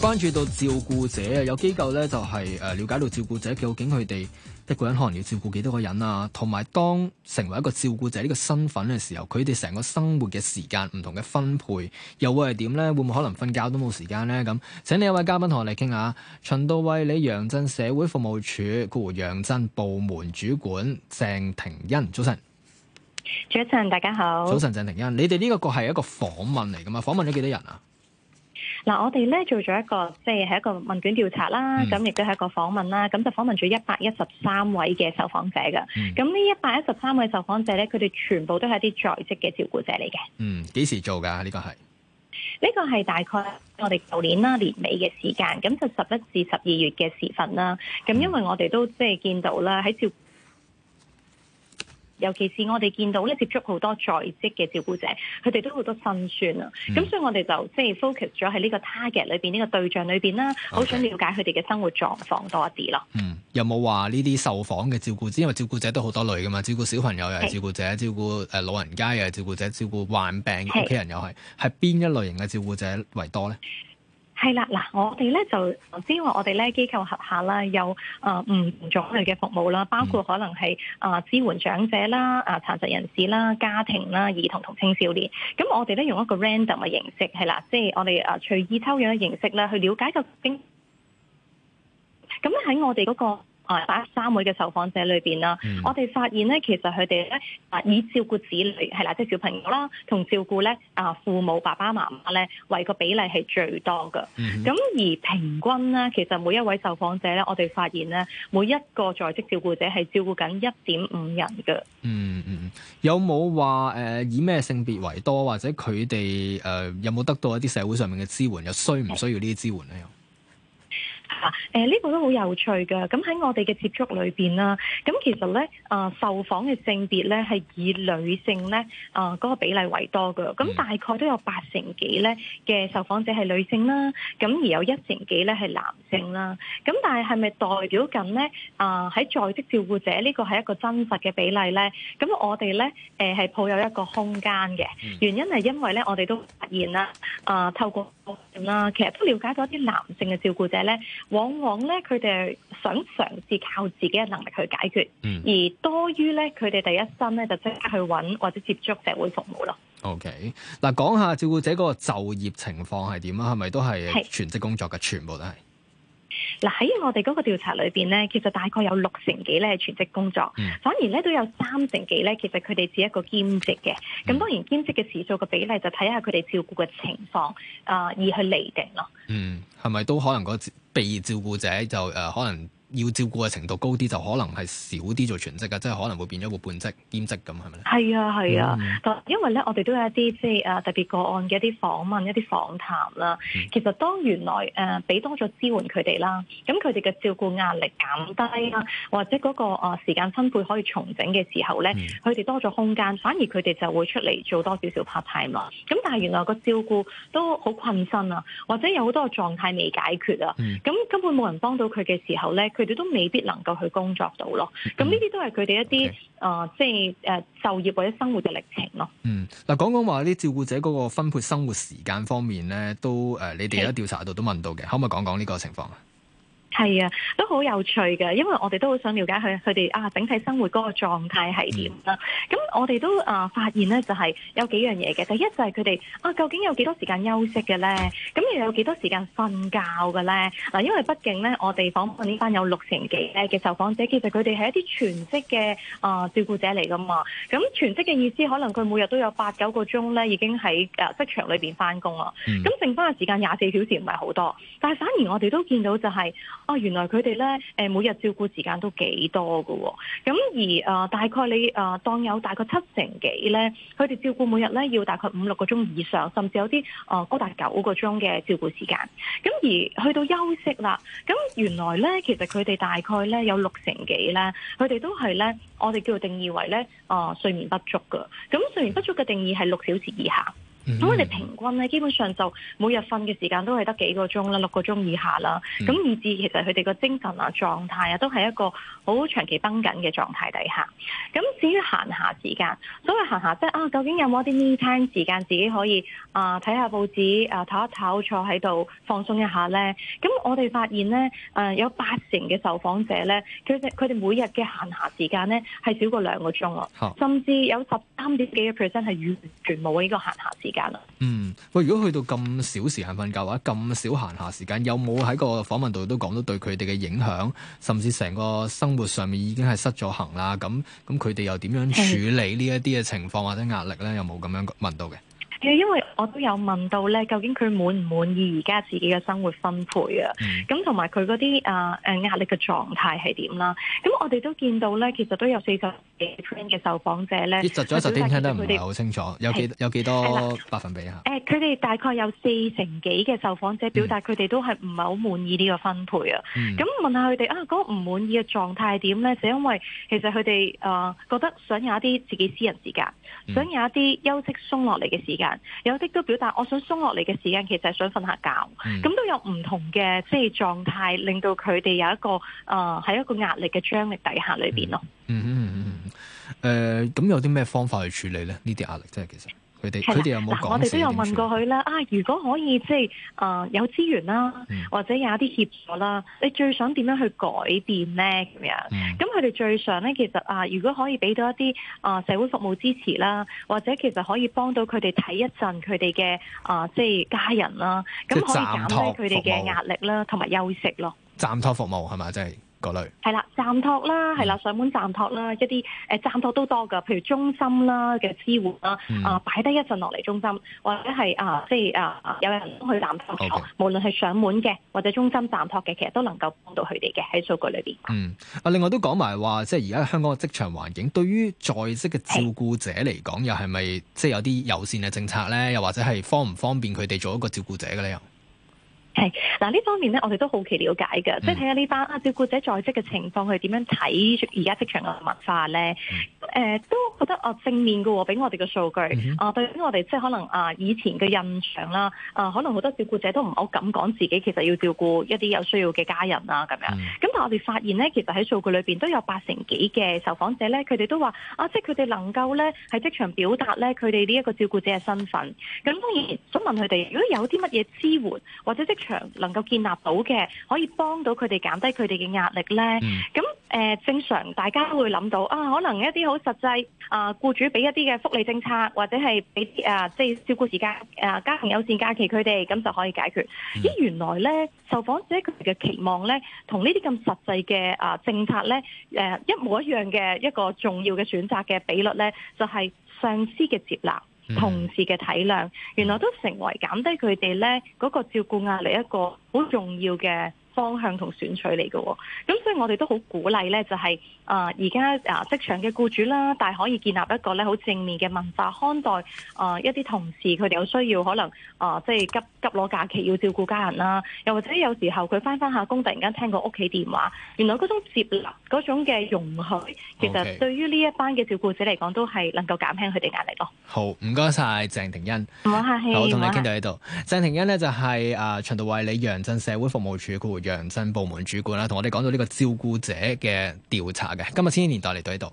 關注到照顧者啊，有機構咧就係誒了解到照顧者究竟佢哋一個人可能要照顧幾多個人啊，同埋當成為一個照顧者呢個身份嘅時候，佢哋成個生活嘅時間唔同嘅分配又會係點咧？會唔會可能瞓覺都冇時間咧？咁請你一位嘉賓同我哋傾下，循道衛理，你楊震社會服務處括弧楊震部門主管鄭婷欣。早晨，早晨大家好。早晨鄭婷欣，你哋呢個係一個訪問嚟噶嘛？訪問咗幾多人啊？嗱，我哋咧做咗一個即係係一個問卷調查啦，咁亦都係一個訪問啦，咁就訪問咗一百一十三位嘅受訪者嘅。咁呢一百一十三位受訪者咧，佢哋全部都係啲在職嘅照顧者嚟嘅。嗯，幾時做㗎？呢個係呢個係大概我哋舊年啦，年尾嘅時間，咁就十一至十二月嘅時份啦。咁因為我哋都即係見到啦，喺照尤其是我哋見到咧，接觸好多在職嘅照顧者，佢哋都好多辛酸啊！咁、嗯、所以我哋就即係 focus 咗喺呢個 target 裏邊，呢、呢個對象裏邊啦，好想了解佢哋嘅生活狀況多一啲咯。嗯，有冇話呢啲受訪嘅照顧者，因為照顧者都好多類噶嘛，照顧小朋友又係照顧者，照顧誒老人家又係照顧者，照顧患病屋企人又係，係邊一類型嘅照顧者為多咧？係啦，嗱，我哋咧就頭先話，我哋咧機構轄下啦，有啊唔同種類嘅服務啦，包括可能係啊支援長者啦、啊殘疾人士啦、家庭啦、兒童同青少年。咁我哋咧用一個 random 嘅形式，係啦，即係我哋啊隨意抽樣嘅形式啦，去了解個咁。咁喺我哋嗰個。啊！三三位嘅受訪者裏邊啦，我哋發現咧，其實佢哋咧啊，以照顧子女係啦即係小朋友啦，同照顧咧啊父母、爸爸媽媽咧為個比例係最多㗎。咁、嗯、而平均咧、嗯，其實每一位受訪者咧，我哋發現咧，每一個在職照顧者係照顧緊一點五人㗎。嗯嗯，有冇話誒以咩性別為多，或者佢哋誒有冇得到一啲社會上面嘅支援，又需唔需要呢啲支援咧？啊，誒呢個都好有趣噶，咁喺我哋嘅接觸裏邊啦，咁其實咧，啊受訪嘅性別咧係以女性咧，啊嗰個比例為多噶，咁大概都有八成幾咧嘅受訪者係女性啦，咁而有一成幾咧係男性啦，咁但係係咪代表緊咧，啊喺在職照顧者呢個係一個真實嘅比例咧？咁我哋咧，誒係抱有一個空間嘅，原因係因為咧，我哋都發現啦，啊透過啦，其實都了解到一啲男性嘅照顧者咧，往往咧佢哋想嘗試靠自己嘅能力去解決，嗯、而多於咧佢哋第一身咧就即刻去揾或者接觸社會服務咯。OK，嗱講下照顧者個就業情況係點啊？係咪都係全職工作嘅全部都係。嗱喺我哋嗰個調查裏邊咧，其實大概有六成幾咧係全職工作，嗯、反而咧都有三成幾咧，其實佢哋只一個兼職嘅。咁當然兼職嘅時數嘅比例就睇下佢哋照顧嘅情況啊，而、呃、去釐定咯。嗯，係咪都可能個被照顧者就誒、呃、可能？要照顧嘅程度高啲，就可能係少啲做全職㗎，即、就、係、是、可能會變咗個半職兼職咁，係咪係啊？係啊、嗯，因為咧，我哋都有一啲即係特別個案嘅一啲訪問、一啲訪談啦、嗯。其實當原來誒俾、呃、多咗支援佢哋啦，咁佢哋嘅照顧壓力減低啦、嗯、或者嗰個時間分配可以重整嘅時候咧，佢、嗯、哋多咗空間，反而佢哋就會出嚟做多少少 part time 啦。咁但係原來個照顧都好困身啊，或者有好多個狀態未解決啊，咁、嗯、根本冇人幫到佢嘅時候咧。佢哋都未必能夠去工作到咯，咁呢啲都係佢哋一啲啊，即係誒就是呃、就業或者生活嘅歷程咯。嗯，嗱講講話啲照顧者嗰個分配生活時間方面咧，都誒、呃、你哋喺調查度都問到嘅，Okay. 可唔可以講講呢個情況啊？係啊，都好有趣嘅，因為我哋都好想了解佢佢哋啊，整體生活嗰個狀態係點啦。咁、嗯、我哋都啊、呃、發現呢，就係、是、有幾樣嘢嘅。第一就係佢哋啊，究竟有幾多時間休息嘅呢？咁又有幾多時間瞓覺嘅呢？嗱、啊，因為畢竟呢，我哋訪問呢班有六成幾咧嘅受訪者，其實佢哋係一啲全職嘅啊、呃、照顧者嚟噶嘛。咁全職嘅意思，可能佢每日都有八九個鐘呢已經喺誒職場裏邊翻工啦。咁、嗯、剩翻嘅時間廿四小時唔係好多，但係反而我哋都見到就係、是。哦，原來佢哋咧，每日照顧時間都幾多㗎喎、哦，咁而誒、呃、大概你誒、呃、當有大概七成幾咧，佢哋照顧每日咧要大概五六個鐘以上，甚至有啲誒、呃、高達九個鐘嘅照顧時間。咁而去到休息啦，咁原來咧其實佢哋大概咧有六成幾咧，佢哋都係咧我哋叫做定義為咧誒、呃、睡眠不足㗎。咁睡眠不足嘅定義係六小時以下。咁佢哋平均咧，基本上就每日瞓嘅時間都係得幾個鐘啦，六個鐘以下啦。咁、嗯、以至其實佢哋個精神啊、狀態啊，都係一個好長期繃緊嘅狀態底下。咁至於閒暇時間，所謂閒暇即係啊，究竟有冇啲 me time 時間自己可以啊睇下報紙啊唞、呃、一唞，坐喺度放鬆一下咧？咁我哋發現咧、呃，有八成嘅受訪者咧，佢哋每日嘅閒暇時間咧係少過兩個鐘咯、啊哦，甚至有十三點幾嘅 percent 係完全冇呢個閒暇時間。嗯，喂，如果去到咁少時間瞓覺或者咁少閒暇時間，有冇喺個訪問度都講到對佢哋嘅影響，甚至成個生活上面已經係失咗衡啦？咁咁佢哋又點樣處理呢一啲嘅情況或者壓力呢？有冇咁樣問到嘅？因為我都有問到咧，究竟佢滿唔滿意而家自己嘅生活分配啊？咁同埋佢嗰啲啊誒壓力嘅狀態係點啦？咁我哋都見到咧，其實都有四十幾 percent 嘅受訪者咧。啲咗在實聽聽得唔係好清楚，有幾有幾多百分比啊？誒，佢、呃、哋大概有四成幾嘅受訪者表達佢哋都係唔係好滿意呢個分配、嗯、啊？咁問下佢哋啊，嗰唔滿意嘅狀態點點咧？就是、因為其實佢哋啊覺得想有一啲自己私人時間，想有一啲休息鬆落嚟嘅時間。有啲都表達，我想鬆落嚟嘅時間，其實係想瞓下覺，咁、嗯、都有唔同嘅即係狀態，令到佢哋有一個啊，喺、呃、一個壓力嘅張力底下裏邊咯。嗯嗯嗯嗯，咁、嗯嗯呃、有啲咩方法去處理咧？呢啲壓力真係其實。佢哋嗱，我哋都有問過佢啦。啊，如果可以即係啊有資源啦，或者有一啲協助啦，你最想點樣去改變咧？咁樣咁佢哋最想咧，其實啊、呃，如果可以俾到一啲啊、呃、社會服務支持啦，或者其實可以幫到佢哋睇一陣佢哋嘅啊即係家人啦，咁可以減低佢哋嘅壓力啦，同埋休息咯。暫託服務係咪？即係。個類係啦，暫託啦，係啦，上門暫託啦，一啲誒暫託都多噶，譬如中心啦嘅支援啦，啊擺低一陣落嚟中心，或者係啊、呃、即係啊、呃、有人都去暫託，okay. 無論係上門嘅或者中心暫託嘅，其實都能夠幫到佢哋嘅喺數據裏邊。嗯，啊，另外都講埋話，即係而家香港嘅職場環境，對於在職嘅照顧者嚟講，又係咪即係有啲友善嘅政策咧？又或者係方唔方便佢哋做一個照顧者嘅咧？嗱，呢方面咧，我哋都好奇了解嘅，即係睇下呢班啊照顧者在職嘅情況，佢哋點樣睇而家職場嘅文化咧？嗯誒都覺得啊正面嘅喎，俾我哋嘅數據、mm-hmm. 啊，對於我哋即係可能啊以前嘅印象啦，啊可能好多照顧者都唔好噉講自己其實要照顧一啲有需要嘅家人啊咁樣。咁、mm-hmm. 但係我哋發現咧，其實喺數據裏邊都有八成幾嘅受訪者咧，佢哋都話啊，即係佢哋能夠咧喺職場表達咧佢哋呢一個照顧者嘅身份。咁當然想問佢哋，如果有啲乜嘢支援或者職場能夠建立到嘅，可以幫到佢哋減低佢哋嘅壓力咧？咁、mm-hmm. 嗯。誒、呃，正常大家都會諗到啊，可能一啲好實際啊，雇、呃、主俾一啲嘅福利政策，或者係俾啲啊，即係照顧時間啊，家庭友善假期佢哋，咁就可以解決。咦、嗯，原來呢，受訪者佢哋嘅期望呢，同呢啲咁實際嘅啊政策呢，誒、啊、一模一樣嘅一個重要嘅選擇嘅比率呢，就係、是、上司嘅接納、同事嘅體諒、嗯，原來都成為減低佢哋呢嗰、那個照顧壓力一個好重要嘅。方向同選取嚟嘅，哦，咁所以我哋都好鼓勵呢，就係、是、啊，而家啊職場嘅僱主啦，但大可以建立一個咧好正面嘅文化，看待啊、呃、一啲同事佢哋有需要，可能啊、呃、即係急急攞假期要照顧家人啦，又或者有時候佢翻返下工，突然間聽個屋企電話，原來嗰種接納嗰種嘅容許，其實對於呢一班嘅照顧者嚟講，都係能夠減輕佢哋壓力咯。好，唔該晒，鄭婷欣，唔好客氣，我同你傾到呢度。鄭婷欣呢，就係啊循道衛理楊震社會服務處顧問。楊震部門主管啦，同我哋講到呢個照顧者嘅調查嘅，今日千禧年代嚟到呢度。